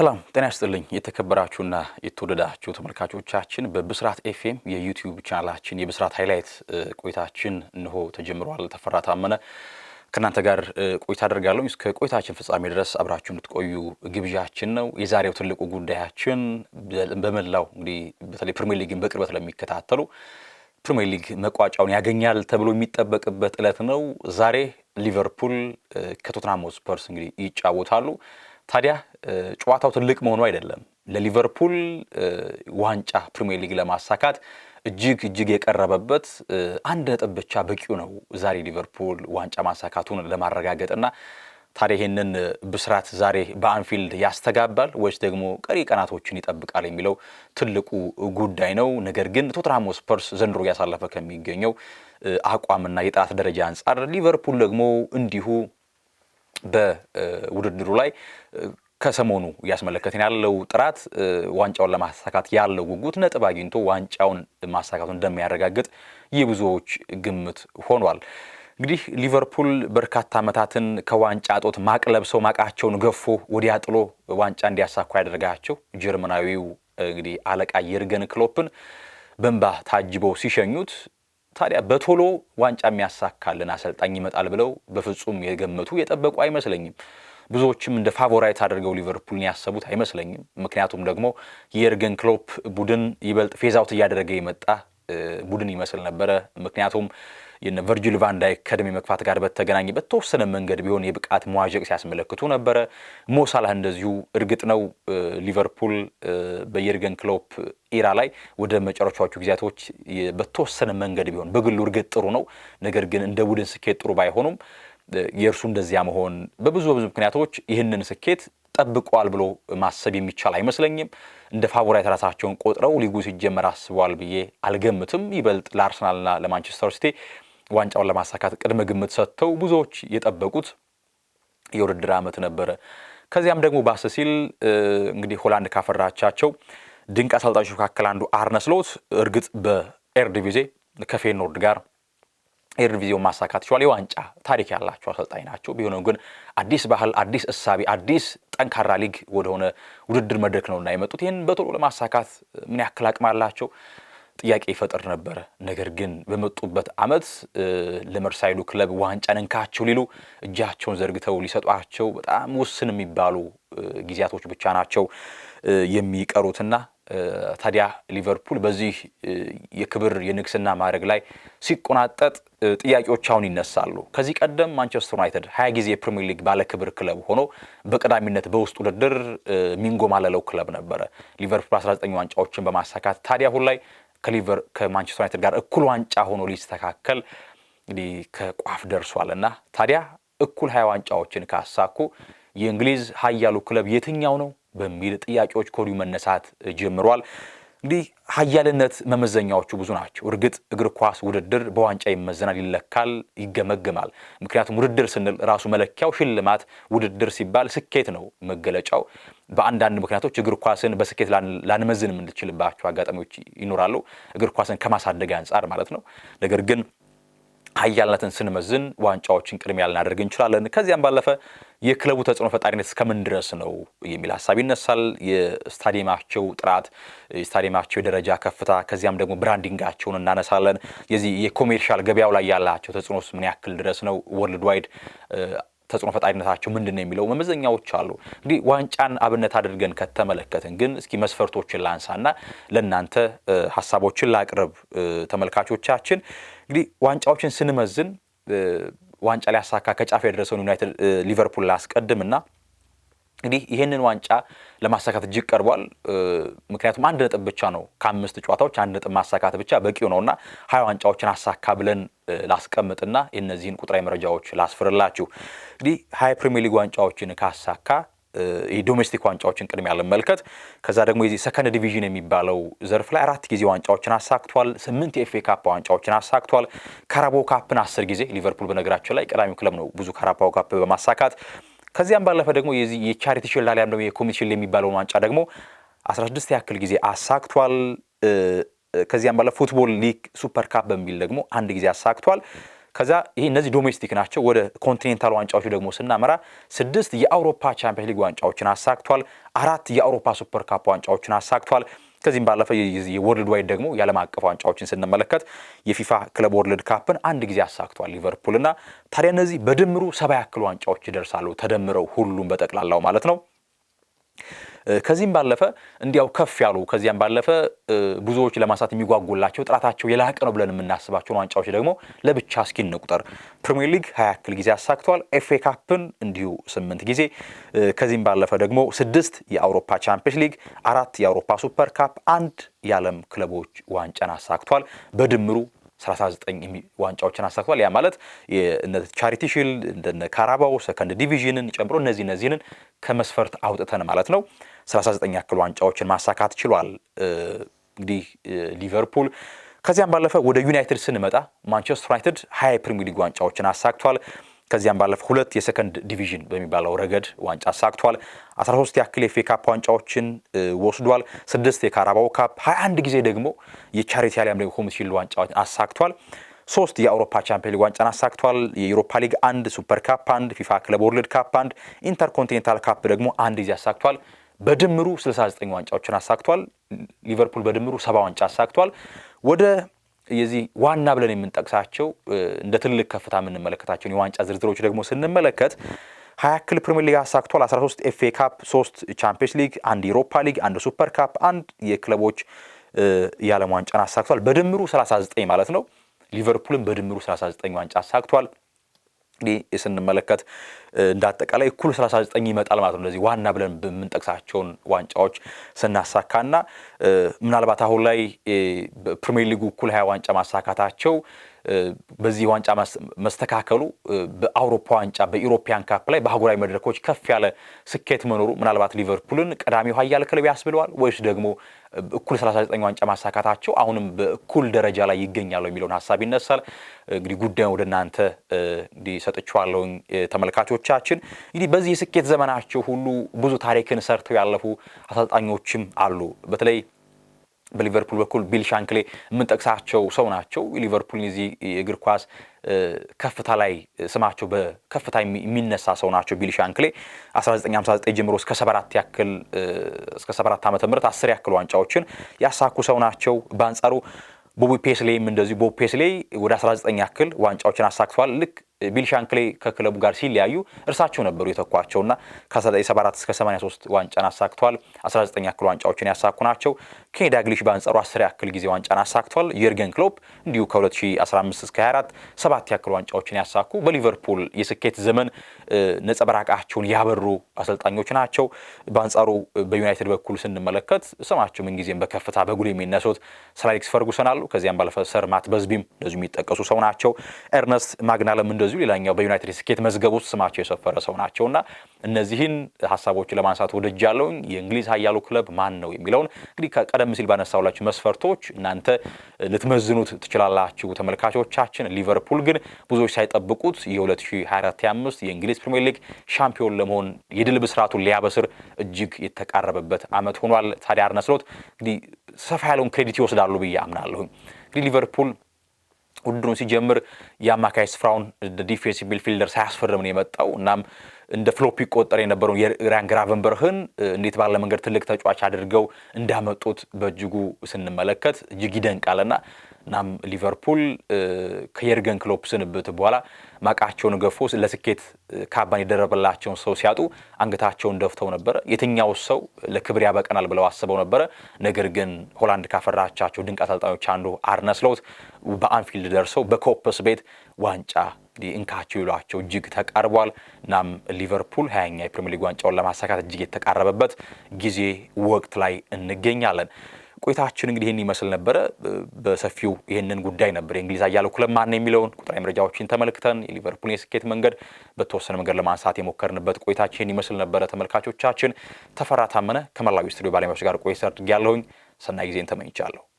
ሰላም ጤና ይስጥልኝ። የተከበራችሁና የተወደዳችሁ ተመልካቾቻችን በብስራት ኤፍኤም የዩቲዩብ ቻናላችን የብስራት ሃይላይት ቆይታችን እንሆ ተጀምሯል። ተፈራ ታመነ ከእናንተ ጋር ቆይታ አደርጋለሁ። እስከ ቆይታችን ፍጻሜ ድረስ አብራችሁ እንድትቆዩ ግብዣችን ነው። የዛሬው ትልቁ ጉዳያችን በመላው እንግዲህ በተለይ ፕሪሚየር ሊግን በቅርበት ለሚከታተሉ ፕሪሚየር ሊግ መቋጫውን ያገኛል ተብሎ የሚጠበቅበት ዕለት ነው። ዛሬ ሊቨርፑል ከቶትናም ስፐርስ እንግዲህ ይጫወታሉ። ታዲያ ጨዋታው ትልቅ መሆኑ አይደለም ለሊቨርፑል ዋንጫ ፕሪሚየር ሊግ ለማሳካት እጅግ እጅግ የቀረበበት አንድ ነጥብ ብቻ በቂው ነው ዛሬ ሊቨርፑል ዋንጫ ማሳካቱን ለማረጋገጥና ታዲያ ይህንን ብስራት ዛሬ በአንፊልድ ያስተጋባል ወይስ ደግሞ ቀሪ ቀናቶችን ይጠብቃል የሚለው ትልቁ ጉዳይ ነው። ነገር ግን ቶትንሃም ስፐርስ ዘንድሮ እያሳለፈ ከሚገኘው አቋምና የጥራት ደረጃ አንጻር ሊቨርፑል ደግሞ እንዲሁ በውድድሩ ላይ ከሰሞኑ እያስመለከትን ያለው ጥራት ዋንጫውን ለማሳካት ያለው ጉጉት ነጥብ አግኝቶ ዋንጫውን ማሳካቱን እንደሚያረጋግጥ የብዙዎች ግምት ሆኗል። እንግዲህ ሊቨርፑል በርካታ ዓመታትን ከዋንጫ እጦት ማቅ ለብሰው ማቃቸውን ገፎ ወዲያ ጥሎ ዋንጫ እንዲያሳኩ ያደረጋቸው ጀርመናዊው እንግዲህ አለቃ የርገን ክሎፕን በእንባ ታጅበው ሲሸኙት ታዲያ በቶሎ ዋንጫ የሚያሳካልን አሰልጣኝ ይመጣል ብለው በፍጹም የገመቱ የጠበቁ አይመስለኝም። ብዙዎችም እንደ ፋቮራይት አድርገው ሊቨርፑልን ያሰቡት አይመስለኝም። ምክንያቱም ደግሞ የኤርገን ክሎፕ ቡድን ይበልጥ ፌዛውት እያደረገ የመጣ ቡድን ይመስል ነበረ። ምክንያቱም የነ ቨርጅል ቫን ዳይክ መግፋት ጋር በተገናኘ በተወሰነ መንገድ ቢሆን የብቃት መዋዠቅ ሲያስመለክቱ ነበረ። ሞሳላህ እንደዚሁ። እርግጥ ነው ሊቨርፑል በየርገን ክሎፕ ኢራ ላይ ወደ መጨረሻዎቹ ጊዜያቶች በተወሰነ መንገድ ቢሆን በግሉ እርግጥ ጥሩ ነው፣ ነገር ግን እንደ ቡድን ስኬት ጥሩ ባይሆኑም የእርሱ እንደዚያ መሆን በብዙ በብዙ ምክንያቶች ይህንን ስኬት ጠብቋል ብሎ ማሰብ የሚቻል አይመስለኝም። እንደ ፋቮራይት ራሳቸውን ቆጥረው ሊጉ ሲጀመር አስበዋል ብዬ አልገምትም። ይበልጥ ለአርሰናልና ለማንቸስተር ሲቲ ዋንጫውን ለማሳካት ቅድመ ግምት ሰጥተው ብዙዎች የጠበቁት የውድድር ዓመት ነበረ። ከዚያም ደግሞ ባስ ሲል እንግዲህ ሆላንድ ካፈራቻቸው ድንቅ አሰልጣኞች መካከል አንዱ አርነ ስሎት እርግጥ በኤርዲቪዜ ከፌኖርድ ጋር ኤርዲቪዜውን ማሳካት ይችላል። የዋንጫ ታሪክ ያላቸው አሰልጣኝ ናቸው። ቢሆንም ግን አዲስ ባህል፣ አዲስ እሳቤ፣ አዲስ ጠንካራ ሊግ ወደሆነ ውድድር መድረክ እና የመጡት ይህን በቶሎ ለማሳካት ምን ያክል አቅም አላቸው ጥያቄ ይፈጥር ነበረ። ነገር ግን በመጡበት ዓመት ለመርሳይዱ ክለብ ዋንጫ ነንካቸው ሊሉ እጃቸውን ዘርግተው ሊሰጧቸው በጣም ውስን የሚባሉ ጊዜያቶች ብቻ ናቸው የሚቀሩትና ታዲያ ሊቨርፑል በዚህ የክብር የንግስና ማድረግ ላይ ሲቆናጠጥ ጥያቄዎች አሁን ይነሳሉ። ከዚህ ቀደም ማንቸስተር ዩናይትድ ሀያ ጊዜ የፕሪሚየር ሊግ ባለክብር ክለብ ሆኖ በቀዳሚነት በውስጥ ውድድር ሚንጎ ማለለው ክለብ ነበረ። ሊቨርፑል 19 ዋንጫዎችን በማሳካት ታዲያ አሁን ላይ ከሊቨር ከማንቸስተር ዩናይትድ ጋር እኩል ዋንጫ ሆኖ ሊስተካከል እንግዲህ ከቋፍ ደርሷል እና ታዲያ እኩል ሀያ ዋንጫዎችን ካሳኩ የእንግሊዝ ሀያሉ ክለብ የትኛው ነው በሚል ጥያቄዎች ከወዲሁ መነሳት ጀምሯል። እንግዲህ ሀያልነት መመዘኛዎቹ ብዙ ናቸው። እርግጥ እግር ኳስ ውድድር በዋንጫ ይመዘናል፣ ይለካል፣ ይገመግማል። ምክንያቱም ውድድር ስንል ራሱ መለኪያው ሽልማት፣ ውድድር ሲባል ስኬት ነው መገለጫው። በአንዳንድ ምክንያቶች እግር ኳስን በስኬት ላንመዝን የምንችልባቸው አጋጣሚዎች ይኖራሉ፣ እግር ኳስን ከማሳደግ አንጻር ማለት ነው። ነገር ግን አያልነትን ስንመዝን ዋንጫዎችን ቅድሚያ ልናደርግ እንችላለን። ከዚያም ባለፈ የክለቡ ተጽዕኖ ፈጣሪነት እስከምን ድረስ ነው የሚል ሀሳብ ይነሳል። የስታዲየማቸው ጥራት፣ የስታዲየማቸው የደረጃ ከፍታ፣ ከዚያም ደግሞ ብራንዲንጋቸውን እናነሳለን። የዚህ የኮሜርሻል ገበያው ላይ ያላቸው ተጽዕኖስ ምን ያክል ድረስ ነው? ወርልድ ዋይድ ተጽዕኖ ፈጣሪነታቸው ምንድን ነው የሚለው መመዘኛዎች አሉ። እንግዲህ ዋንጫን አብነት አድርገን ከተመለከትን ግን እስኪ መስፈርቶችን ላንሳና ለእናንተ ሀሳቦችን ላቅርብ ተመልካቾቻችን እንግዲህ ዋንጫዎችን ስንመዝን ዋንጫ ሊያሳካ ከጫፍ የደረሰውን ዩናይትድ ሊቨርፑል ላስቀድም እና እንግዲህ ይህንን ዋንጫ ለማሳካት እጅግ ቀርቧል። ምክንያቱም አንድ ነጥብ ብቻ ነው ከአምስት ጨዋታዎች አንድ ነጥብ ማሳካት ብቻ በቂው ነው እና ሀያ ዋንጫዎችን አሳካ ብለን ላስቀምጥና የእነዚህን ቁጥራዊ መረጃዎች ላስፍርላችሁ። እንግዲህ ሀያ ፕሪሚየር ሊግ ዋንጫዎችን ካሳካ የዶሜስቲክ ዋንጫዎችን ቅድሚያ ለመመልከት ከዛ ደግሞ የዚህ ሰከንድ ዲቪዥን የሚባለው ዘርፍ ላይ አራት ጊዜ ዋንጫዎችን አሳክቷል። ስምንት የኤፍኤ ካፕ ዋንጫዎችን አሳክቷል። ካራቦ ካፕን አስር ጊዜ ሊቨርፑል በነገራችን ላይ ቀዳሚው ክለብ ነው ብዙ ካራባው ካፕ በማሳካት ከዚያም ባለፈ ደግሞ የዚህ የቻሪቲ ሺልድ አሊያም ደግሞ የኮሚኒቲ ሺልድ የሚባለውን ዋንጫ ደግሞ 16 ያክል ጊዜ አሳክቷል። ከዚያም ባለፈ ፉትቦል ሊግ ሱፐር ካፕ በሚል ደግሞ አንድ ጊዜ አሳክቷል። ከዛ ይሄ እነዚህ ዶሜስቲክ ናቸው። ወደ ኮንቲኔንታል ዋንጫዎቹ ደግሞ ስናመራ ስድስት የአውሮፓ ቻምፒየንስ ሊግ ዋንጫዎችን አሳክቷል። አራት የአውሮፓ ሱፐር ካፕ ዋንጫዎችን አሳክቷል። ከዚህም ባለፈ የወርልድ ዋይድ ደግሞ የዓለም አቀፍ ዋንጫዎችን ስንመለከት የፊፋ ክለብ ወርልድ ካፕን አንድ ጊዜ አሳክቷል ሊቨርፑል እና ታዲያ እነዚህ በድምሩ ሰባ ያክል ዋንጫዎች ይደርሳሉ ተደምረው ሁሉም በጠቅላላው ማለት ነው። ከዚህም ባለፈ እንዲያው ከፍ ያሉ ከዚያም ባለፈ ብዙዎች ለማንሳት የሚጓጉላቸው ጥራታቸው የላቀ ነው ብለን የምናስባቸውን ዋንጫዎች ደግሞ ለብቻ እስኪ እንቁጠር። ፕሪሚየር ሊግ ሀያ ያክል ጊዜ አሳክቷል። ኤፍ ኤ ካፕን እንዲሁ ስምንት ጊዜ ከዚህም ባለፈ ደግሞ ስድስት የአውሮፓ ቻምፒየንስ ሊግ፣ አራት የአውሮፓ ሱፐር ካፕ፣ አንድ የዓለም ክለቦች ዋንጫን አሳክቷል። በድምሩ 39 ዋንጫዎችን አሳክቷል። ያ ማለት ቻሪቲ ሺልድ እንደነ ካራባው ሰከንድ ዲቪዥንን ጨምሮ እነዚህ እነዚህንን ከመስፈርት አውጥተን ማለት ነው 39 ያክል ዋንጫዎችን ማሳካት ችሏል። እንግዲህ ሊቨርፑል ከዚያም ባለፈ ወደ ዩናይትድ ስንመጣ ማንቸስተር ዩናይትድ ሀያ የፕሪሚየር ሊግ ዋንጫዎችን አሳክቷል። ከዚያም ባለፈ ሁለት የሰከንድ ዲቪዥን በሚባለው ረገድ ዋንጫ አሳክቷል። 13 ያክል የፌ ካፕ ዋንጫዎችን ወስዷል። ስድስት የካራባው ካፕ፣ 21 ጊዜ ደግሞ የቻሪቲ አሊያም ደግሞ ሆም ሺልድ ዋንጫ አሳክቷል። ሶስት የአውሮፓ ቻምፒዮን ሊግ ዋንጫን አሳክቷል። የዩሮፓ ሊግ አንድ፣ ሱፐር ካፕ አንድ፣ ፊፋ ክለብ ወርልድ ካፕ አንድ፣ ኢንተርኮንቲኔንታል ካፕ ደግሞ አንድ ጊዜ አሳክቷል። በድምሩ 69 ዋንጫዎችን አሳክቷል። ሊቨርፑል በድምሩ ሰባ ዋንጫ አሳክቷል። ወደ የዚህ ዋና ብለን የምንጠቅሳቸው እንደ ትልቅ ከፍታ የምንመለከታቸውን የዋንጫ ዝርዝሮች ደግሞ ስንመለከት ሀያ ክል ፕሪሚየር ሊግ አሳክቷል። 13 ኤፍ ኤ ካፕ፣ 3 ቻምፒየንስ ሊግ፣ አንድ የዩሮፓ ሊግ፣ አንድ ሱፐር ካፕ፣ አንድ የክለቦች የዓለም ዋንጫን አሳክቷል። በድምሩ 39 ማለት ነው። ሊቨርፑልን በድምሩ 39 ዋንጫ አሳክቷል። እንግዲህ ስንመለከት እንደ አጠቃላይ እኩል 39 ይመጣል ማለት ነው። እነዚህ ዋና ብለን በምንጠቅሳቸውን ዋንጫዎች ስናሳካና ምናልባት አሁን ላይ ፕሪሚየር ሊጉ እኩል ሀያ ዋንጫ ማሳካታቸው በዚህ ዋንጫ መስተካከሉ በአውሮፓ ዋንጫ በኢሮፒያን ካፕ ላይ በአህጉራዊ መድረኮች ከፍ ያለ ስኬት መኖሩ ምናልባት ሊቨርፑልን ቀዳሚው ኃያል ክለብ ያስብለዋል ወይስ ደግሞ እኩል 39 ዋንጫ ማሳካታቸው አሁንም በእኩል ደረጃ ላይ ይገኛሉ የሚለውን ሀሳብ ይነሳል። እንግዲህ ጉዳዩን ወደ እናንተ እንዲህ ተመልካቾቻችን። እንግዲህ በዚህ የስኬት ዘመናቸው ሁሉ ብዙ ታሪክን ሰርተው ያለፉ አሰልጣኞችም አሉ። በተለይ በሊቨርፑል በኩል ቢል ሻንክሌ የምንጠቅሳቸው ሰው ናቸው። ሊቨርፑል የዚህ እግር ኳስ ከፍታ ላይ ስማቸው በከፍታ የሚነሳ ሰው ናቸው። ቢል ሻንክሌ 1959 ጀምሮ እስከ 74 ያክል እስከ 74 ዓመተ ምህረት 10 ያክል ዋንጫዎችን ያሳኩ ሰው ናቸው። በአንጻሩ ቦቢ ፔስሌይም እንደዚሁ ቦብ ፔስሌይ ወደ 19 ያክል ዋንጫዎችን አሳክተዋል። ልክ ቢል ሻንክሌ ከክለቡ ጋር ሲለያዩ እርሳቸው ነበሩ የተኳቸውና ከ74 እስከ 83 ዋንጫን አሳክተዋል። 19 ያክል ዋንጫዎችን ያሳኩ ናቸው። ኬኒ ዳግሊሽ በአንጻሩ 10 ያክል ጊዜ ዋንጫን አሳክተዋል። ዩርገን ክሎፕ እንዲሁ ከ2015 እስከ 24 7 ያክል ዋንጫዎችን ያሳኩ በሊቨርፑል የስኬት ዘመን ነጸብራቃቸውን ያበሩ አሰልጣኞች ናቸው። በአንጻሩ በዩናይትድ በኩል ስንመለከት ስማቸው ምንጊዜም በከፍታ በጉል የሚነሱት ሰር አሌክስ ፈርጉሰን አሉ። ከዚያም ባለፈ ሰር ማት በዝቢም እንደዚሁ የሚጠቀሱ ሰው ናቸው። ኤርነስት ማግናለም እንደ እንደዚሁ ሌላኛው በዩናይትድ ስኬት መዝገብ ውስጥ ስማቸው የሰፈረ ሰው ናቸውና እነዚህን ሀሳቦች ለማንሳት ወድጃለሁኝ። የእንግሊዝ ኃያሉ ክለብ ማን ነው የሚለውን እንግዲህ ከቀደም ሲል ባነሳውላችሁ መስፈርቶች እናንተ ልትመዝኑት ትችላላችሁ ተመልካቾቻችን። ሊቨርፑል ግን ብዙዎች ሳይጠብቁት የ2024/25 የእንግሊዝ ፕሪምየር ሊግ ሻምፒዮን ለመሆን የድል ብስራቱን ሊያበስር እጅግ የተቃረበበት ዓመት ሆኗል። ታዲያ አርነ ስሎት እንግዲህ ሰፋ ያለውን ክሬዲት ይወስዳሉ ብዬ አምናለሁ። እንግዲህ ሊቨርፑል ውድድሩን ሲጀምር የአማካይ ስፍራውን ዲፌንሲቭ ሚድፊልደር ሳያስፈርም የመጣው። እናም እንደ ፍሎፕ ይቆጠር የነበረውን የሪያን ግራቨንበርህን እንዴት ባለ መንገድ ትልቅ ተጫዋች አድርገው እንዳመጡት በእጅጉ ስንመለከት እጅግ ይደንቃልና እናም ሊቨርፑል ከየርገን ክሎፕ ስንብት በኋላ ማቃቸውን ገፎ ለስኬት ካባን የደረበላቸውን ሰው ሲያጡ አንገታቸውን ደፍተው ነበረ። የትኛው ሰው ለክብር ያበቀናል ብለው አስበው ነበረ። ነገር ግን ሆላንድ ካፈራቻቸው ድንቅ አሰልጣኞች አንዱ አርነ ስሎት በአንፊልድ ደርሰው በኮፐስ ቤት ዋንጫ እንካቸው ይሏቸው እጅግ ተቃርቧል። እናም ሊቨርፑል ሀያኛ የፕሪምየር ሊግ ዋንጫውን ለማሳካት እጅግ የተቃረበበት ጊዜ ወቅት ላይ እንገኛለን። ቆይታችን እንግዲህ ይህን ይመስል ነበረ። በሰፊው ይህንን ጉዳይ ነበር የእንግሊዝ አያሌው ክለብ ማን የሚለውን ቁጥራዊ መረጃዎችን ተመልክተን የሊቨርፑልን የስኬት መንገድ በተወሰነ መንገድ ለማንሳት የሞከርንበት ቆይታችን ይህን ይመስል ነበረ። ተመልካቾቻችን ተፈራ ታመነ ከመላዊ ስቱዲዮ ባለሙያዎች ጋር ቆይታ አድርጌያለሁኝ። ሰናይ ጊዜን ተመኝቻለሁ።